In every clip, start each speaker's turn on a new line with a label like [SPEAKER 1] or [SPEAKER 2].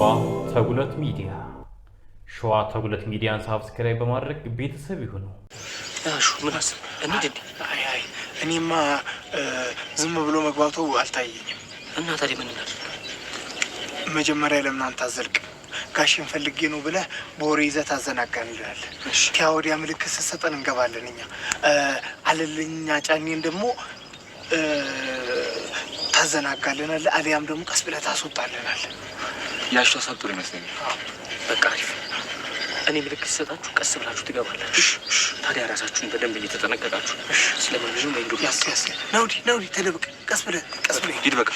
[SPEAKER 1] አባ ተጉለት ሚዲያ ሸዋ ተጉለት ሚዲያን ሳብስክራይብ በማድረግ ቤተሰብ ይሁኑ።
[SPEAKER 2] እኔማ ዝም ብሎ መግባቱ አልታየኝም።
[SPEAKER 3] እና ታዲያ ምን እናድርግ?
[SPEAKER 2] መጀመሪያ ለምን አንተ አዘልቅ ጋሽን ፈልጌ ነው ብለህ በወሬ ይዘህ ታዘናጋን ይላል። ቲያ ወዲያ ምልክት ስትሰጠን እንገባለን። እኛ አለልኛ ጫኔን ደግሞ ታዘናጋልናል፣ አሊያም ደግሞ ቀስ ብለህ ታስወጣልናል።
[SPEAKER 4] ያሹ ሀሳብ ጥሩ ይመስለኛል።
[SPEAKER 3] በቃ አሪፍ። እኔ ምልክት ሲሰጣችሁ ቀስ ብላችሁ ትገባላችሁ።
[SPEAKER 4] ታዲያ ራሳችሁን በደንብ እየተጠነቀቃችሁ ስለማንኛውም ወይ እንዶ
[SPEAKER 3] ያስ ያስ
[SPEAKER 2] ናውዲ ናውዲ ተደብቅ፣ ቀስ ብለ ቀስ ብለ
[SPEAKER 4] ሂድ። በቃ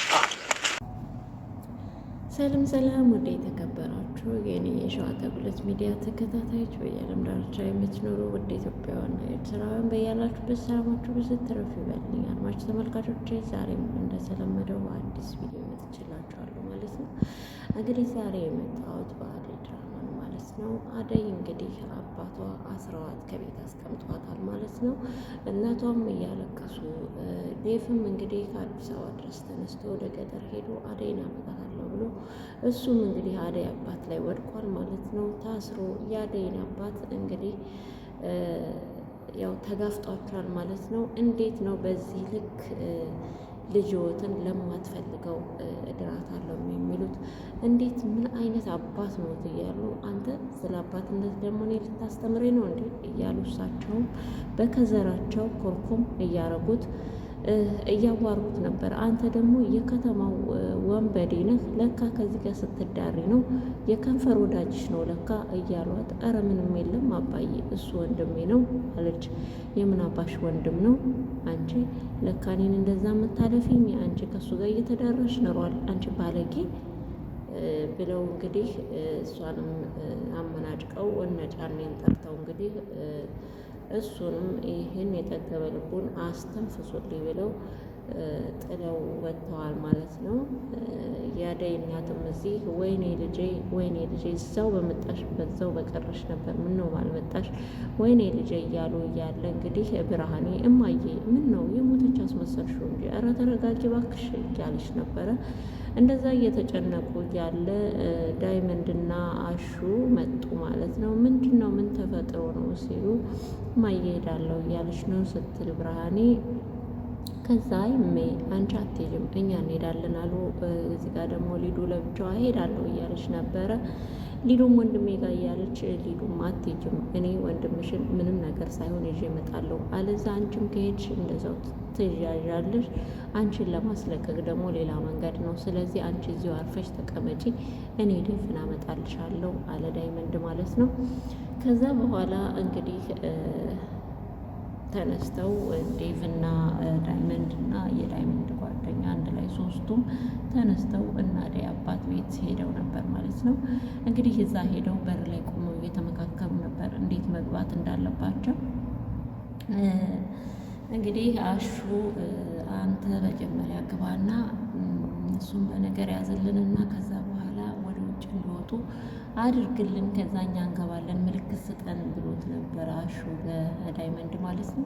[SPEAKER 5] ሰላም ሰላም፣ ወደ የተከበራችሁ የኔ የሸዋ ተጉለት ሚዲያ ተከታታዮች በየዓለም ዳርቻ የምትኖሩ ወደ ኢትዮጵያውያንና ኤርትራውያን በያላችሁበት ሰላማችሁ ብዙ ትረፍ ይበልኝ። አድማጭ ተመልካቾች ዛሬም እንደተለመደው በአዲስ ቪዲዮ መጥቼላችኋለሁ። እንግዲህ ዛሬ የመጣሁት በአደይ ድራማ ማለት ነው። አደይ እንግዲህ አባቷ አስረዋት ከቤት አስቀምጧታል ማለት ነው። እናቷም እያለቀሱ ዴፍም እንግዲህ ከአዲስ አበባ ድረስ ተነስቶ ወደ ገጠር ሄዶ አደይን አመጣታለሁ ብሎ እሱም እንግዲህ አደይ አባት ላይ ወድቋል ማለት ነው። ታስሮ የአደይን አባት እንግዲህ ያው ተጋፍጧቸዋል ማለት ነው። እንዴት ነው በዚህ ልክ ልጅዎትን ለማትፈልገው እድራታለሁ የሚሉት እንዴት ምን አይነት አባት ነው እያሉ አንተ ስለ አባትነት ደግሞ እኔ ልታስተምሬ ነው እንዴ እያሉ እሳቸውም በከዘራቸው ኮርኮም እያረጉት እያዋርኩት ነበር። አንተ ደግሞ የከተማው ወንበዴ ነህ ለካ፣ ከዚህ ጋር ስትዳሪ ነው የከንፈር ወዳጅሽ ነው ለካ እያሏት፣ ኧረ ምንም የለም አባዬ፣ እሱ ወንድሜ ነው አለች። የምን አባሽ ወንድም ነው አንቺ? ለካ እኔን እንደዛ የምታለፊኝ አንቺ ከእሱ ጋር እየተዳረሽ ኖሯል አንቺ ባለጌ ብለው እንግዲህ እሷንም አመናጭቀው እነ ጫኔን ጠርተው እንግዲህ እሱንም ይህን የጠገበ ልቡን አስተንፍሱልኝ ብለው ጥለው ወጥተዋል ማለት ነው። የአደይ እናትም እዚህ ወይኔ ልጄ ወይኔ ልጄ እዛው በመጣሽበት እዛው በቀረሽ ነበር፣ ምን ነው ባልመጣሽ፣ ወይኔ ልጄ እያሉ እያለ እንግዲህ ብርሃኔ እማዬ ምን ነው የሞተች አስመሰልሽው እንጂ ኧረ ተረጋጊ እባክሽ እያለች ነበረ። እንደዛ እየተጨነቁ እያለ ዳይመንድና አሹ መጡ ማለት ነው። ምንድን ነው ምን ተፈጥሮ ነው ሲሉ ማየሄዳለው እያለች ነው ስትል ብርሃኔ ከዛ ይሜ አንቺ አትሄጂም እኛ እንሄዳለን አሉ። እዚህ ጋር ደግሞ ሊዱ ለብቻዋ ሄዳለሁ እያለች ነበረ። ሊዱም ወንድሜ ጋር እያለች ሊዱም አትሄጂም፣ እኔ ወንድምሽን ምንም ነገር ሳይሆን ይዤ እመጣለሁ፣ አለዛ አንቺም ከሄድሽ እንደዛው ትያዣለሽ። አንቺን ለማስለቀቅ ደግሞ ሌላ መንገድ ነው። ስለዚህ አንቺ እዚሁ አርፈሽ ተቀመጪ፣ እኔ ደፍን አመጣልሻለሁ አለ ዳይመንድ ማለት ነው። ከዛ በኋላ እንግዲህ ተነስተው ዴቭ እና ዳይመንድ እና የዳይመንድ ጓደኛ አንድ ላይ ሶስቱም ተነስተው እናደይ አባት ቤት ሄደው ነበር ማለት ነው። እንግዲህ እዛ ሄደው በር ላይ ቆመው እየተመካከሉ ነበር እንዴት መግባት እንዳለባቸው። እንግዲህ አሹ አንተ መጀመሪያ ግባና እሱም በነገር ያዘልንና ከዛ አውጡ አድርግልን፣ ከዛ እኛ እንገባለን፣ ምልክት ስጠን ብሎት ነበረ። አሹ በዳይመንድ ማለት ነው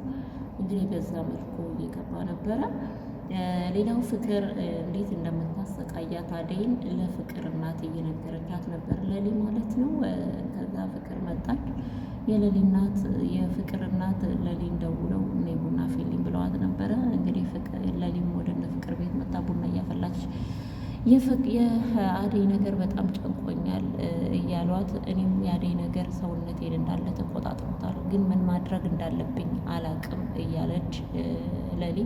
[SPEAKER 5] እንግዲህ በዛ መልኩ እየገባ ነበረ። ሌላው ፍቅር እንዴት እንደምታሰቃያት አደይን ለፍቅር እናት እየነገረቻት ነበር፣ ለሊ ማለት ነው። ከዛ ፍቅር መጣች። የለሊ እናት የፍቅር እናት ለሊን ደውለው እኔ ቡና ፊልም ብለዋት ነበረ። እንግዲህ ለሊም ወደ እነ ፍቅር ቤት መጣ ቡና እያፈላች የአደይ ነገር በጣም ጨንቆኛል እያሏት፣ እኔም የአደይ ነገር ሰውነቴን እንዳለ ተቆጣጥሮታል፣ ግን ምን ማድረግ እንዳለብኝ አላቅም እያለች ለሊ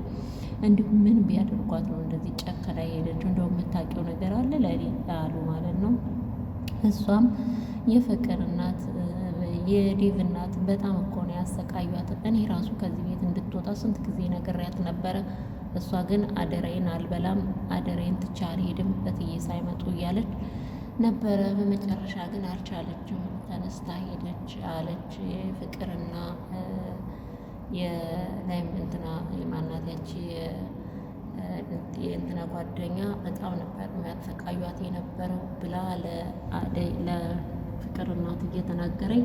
[SPEAKER 5] እንዲሁም ምን ቢያደርጓት ነው እንደዚህ ጨከና ሄደች? እንደው የምታውቂው ነገር አለ ለሊ አሉ ማለት ነው። እሷም የፍቅር እናት የዴቭ እናት በጣም እኮ ነው ያሰቃዩት። እኔ ራሱ ከዚህ ቤት እንድትወጣ ስንት ጊዜ ነግሬያት ነበረ። እሷ ግን አደሬን አልበላም፣ አደሬን ትቼ አልሄድም በትዬ ሳይመጡ እያለች ነበረ። በመጨረሻ ግን አልቻለችም፣ ተነስታ ሄደች አለች ፍቅርና የላይም እንትና የማናት ያቺ የእንትና ጓደኛ በጣም ነበር ያሰቃዩት የነበረው ብላ ለአደይ ፍቅር እናት እየተናገረኝ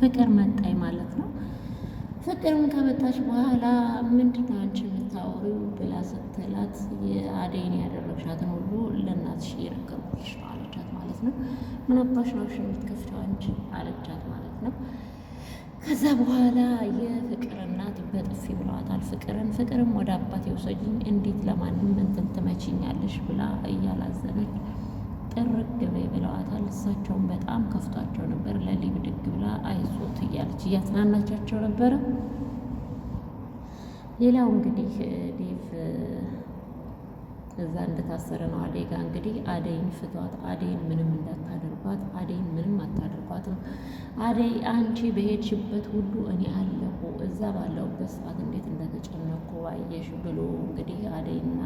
[SPEAKER 5] ፍቅር መጣኝ ማለት ነው። ፍቅርም ከመጣች በኋላ ምንድን ነው አንቺ የምታወሪው ብላ ስትላት የአደይን ያደረግሻትን ሁሉ ለእናትሽ እየረከብኩልሽ ነው አለቻት ማለት ነው። ምን አባሽ ነው የምትከፍተው አንቺ አለቻት ማለት ነው። ከዛ በኋላ የፍቅር እናት በጥፊ ብለዋታል ፍቅርን። ፍቅርም ወደ አባት የውሰጅኝ እንዴት ለማንም እንትን ትመችኛለሽ ብላ እያላዘነች ጥርግ በይ ብለዋታል። እሳቸውን በጣም ከፍቷቸው ነበር። ለሊ ብድግ ብላ አይዞት እያለች እያጽናናቻቸው ነበረ። ሌላው እንግዲህ ዴቭ እዛ እንደታሰረ ነው። አደይ ጋ እንግዲህ አደይን ፍቷት፣ አደይን ምንም እንዳታደርጓት፣ አደይን ምንም አታደርጓት ነው። አደይ አንቺ በሄድሽበት ሁሉ እኔ አለሁ፣ እዛ ባለሁበት ሰዓት እንዴት እንደተጨነኩ አየሽ ብሎ እንግዲህ አደይና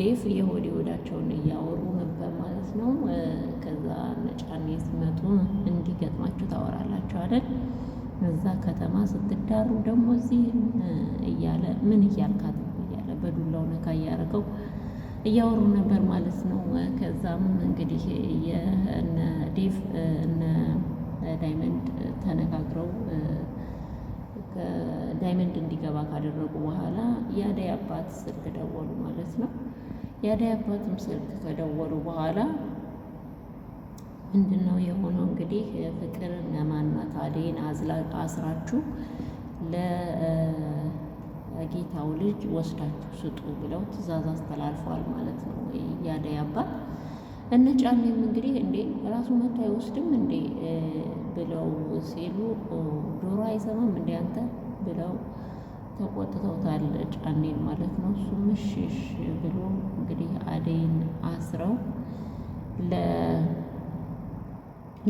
[SPEAKER 5] ዴፍ የሆዴ ወዳቸውን እያወሩ ነበር ማለት ነው። ከዛ ነጫኔ ሲመጡ እንዲገጥማችሁ ታወራላችሁ አይደል? እዛ ከተማ ስትዳሩ ደግሞ እዚህ እያለ ምን እያልካት እያለ በዱላው ነካ እያደረገው እያወሩ ነበር ማለት ነው። ከዛም እንግዲህ እነ ዴቭ እነ ዳይመንድ ተነጋግረው ዳይመንድ እንዲገባ ካደረጉ በኋላ የአደይ አባት ስልክ ደወሉ ማለት ነው። የዳያቆናትም ስልክ ከደወሉ በኋላ ምንድን ነው የሆነው? እንግዲህ ፍቅር ለማናት አደይን አስራችሁ ለጌታው ልጅ ወስዳችሁ ስጡ ብለው ትዕዛዝ አስተላልፈዋል ማለት ነው የአደይ አባት። እነ ጫኔም እንግዲህ እንዴ ራሱ መታ አይወስድም እንዴ ብለው ሲሉ ዶሮ አይሰማም እንደ አንተ ብለው ተቆጥተውታል ጫኔን ማለት ነው። እሱም እሺ እሺ ብሎ እንግዲህ አደይን አስረው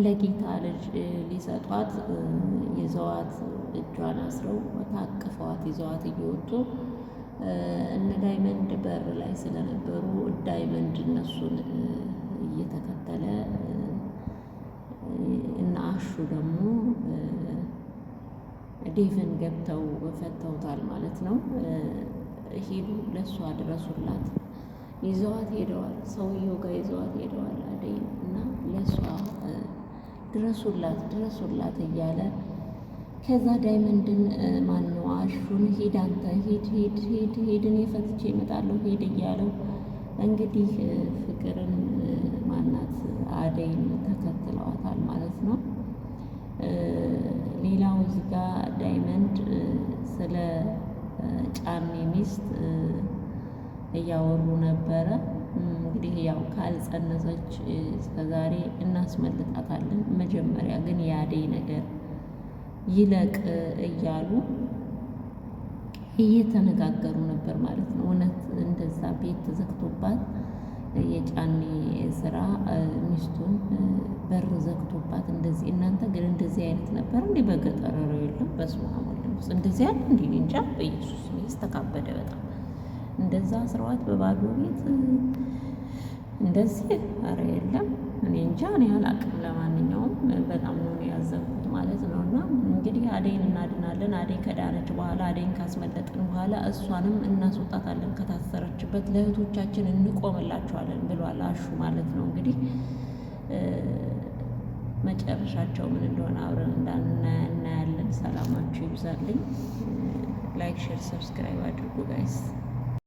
[SPEAKER 5] ለጌታ ልጅ ሊሰጧት ይዘዋት እጇን አስረው ታቅፈዋት ይዘዋት እየወጡ እነ ዳይመንድ በር ላይ ስለነበሩ ዳይመንድ እነሱን እየተከተለ እና አሹ ደግሞ ዴቭን ገብተው ፈተውታል ማለት ነው። ሂዱ ለእሷ ድረሱላት። ይዘዋት ሄደዋል። ሰውየው ጋር ይዘዋት ሄደዋል አደይ እና ለእሷ ድረሱላት ድረሱላት እያለ ከዛ ዳይመንድን ነው አሹን ሂድ አንተ ሂድ ሂድ ሂድ ሂድ እኔ ፈትቼ እመጣለሁ ሂድ እያለው እንግዲህ ፍቅርን ማናት አደይን ተከትለዋታል ማለት ነው። ሌላው እዚህ ጋር ዳይመንድ ስለ ጫኔ ሚስት እያወሩ ነበረ። እንግዲህ ያው ካልጸነሰች እስከዛሬ እናስመልጣታለን፣ መጀመሪያ ግን የአደይ ነገር ይለቅ እያሉ እየተነጋገሩ ነበር ማለት ነው። እውነት እንደዛ ቤት ተዘግቶባት የጫኔ ስራ ሚስቱን በር ዘግቶባት እንደዚህ። እናንተ ግን እንደዚህ አይነት ነበር እንዲህ በገጠር የለም። በስመ አብ እንደዚህ ያለ እንዲ እንጃ። በኢየሱስ ያስተካበደ በጣም እንደዛ ስርዋት በባዶ ቤት እንደዚህ፣ ኧረ የለም። እኔ እንጃ፣ እኔ አላቅም። ለማንኛውም በጣም ነው ያዘንኩት። ማለት ነው። እና እንግዲህ አደይን እናድናለን። አደይ ከዳነች በኋላ አደይን ካስመለጥን በኋላ እሷንም እናስወጣታለን ከታሰረችበት። ለእህቶቻችን እንቆምላቸዋለን ብሏል አሹ ማለት ነው። እንግዲህ መጨረሻቸው ምን እንደሆነ አብረን እናያለን። ሰላማችሁ ይብዛልኝ። ላይክ፣ ሼር፣ ሰብስክራይብ አድርጉ ጋይስ።